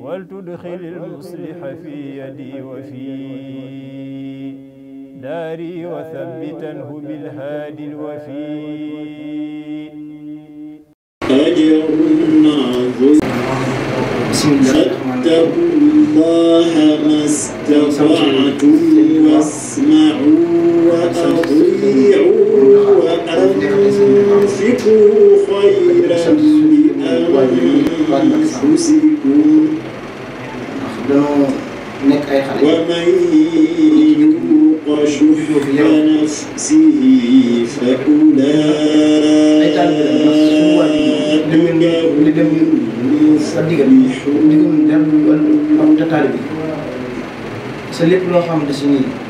ولتدخل المصلح في يدي وفي داري وثبتنه بالهادي الوفي فاتقوا الله ما استطعتم واسمعوا واطيعوا أنفسكم dañoo nekk ay xale. wa man yuuqa shuhha nafsihi fa ulaa'ika dem sa digal dem wala am tataal bi sa lépp loo xam ne si nii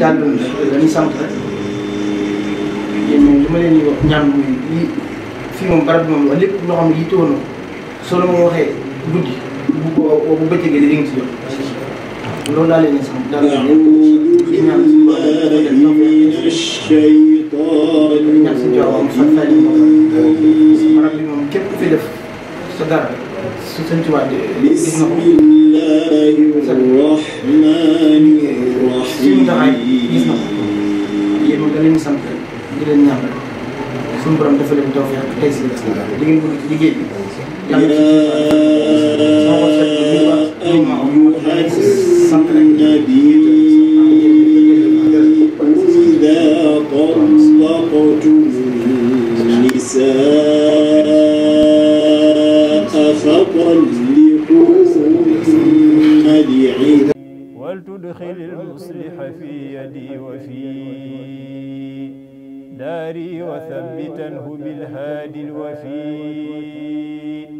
jàndoon bi dañuy sant rek yéen ñoom li ma leen di wax ñaan muy lii moom barab bi moom la ma waxee guddi bu ko loolu laa leen di sant daal di moom képp fi def sa dara su sëñ ci waat gis na ko leen di sant di leen ñaan suñu borom dafa leen taw yàq tey si li ngeen bëgg ci liggéey bi. yàlla na ci baax sant nañ. يصلح في يدي وفي داري وثبته بالهادي الوفي